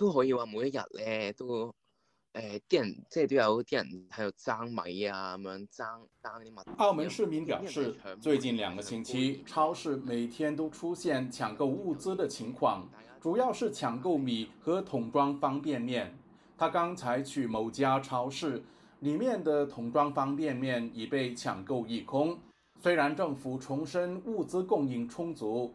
都可以話，每一日呢都，誒啲人即係都有啲人喺度爭米啊，咁樣爭爭啲物。澳門市民表示，最近兩個星期，超市每天都出現搶購物資的情況，主要是搶購米和桶裝方便麵。他剛才去某家超市，裡面的桶裝方便麵已被搶購一空。雖然政府重申物資供應充足。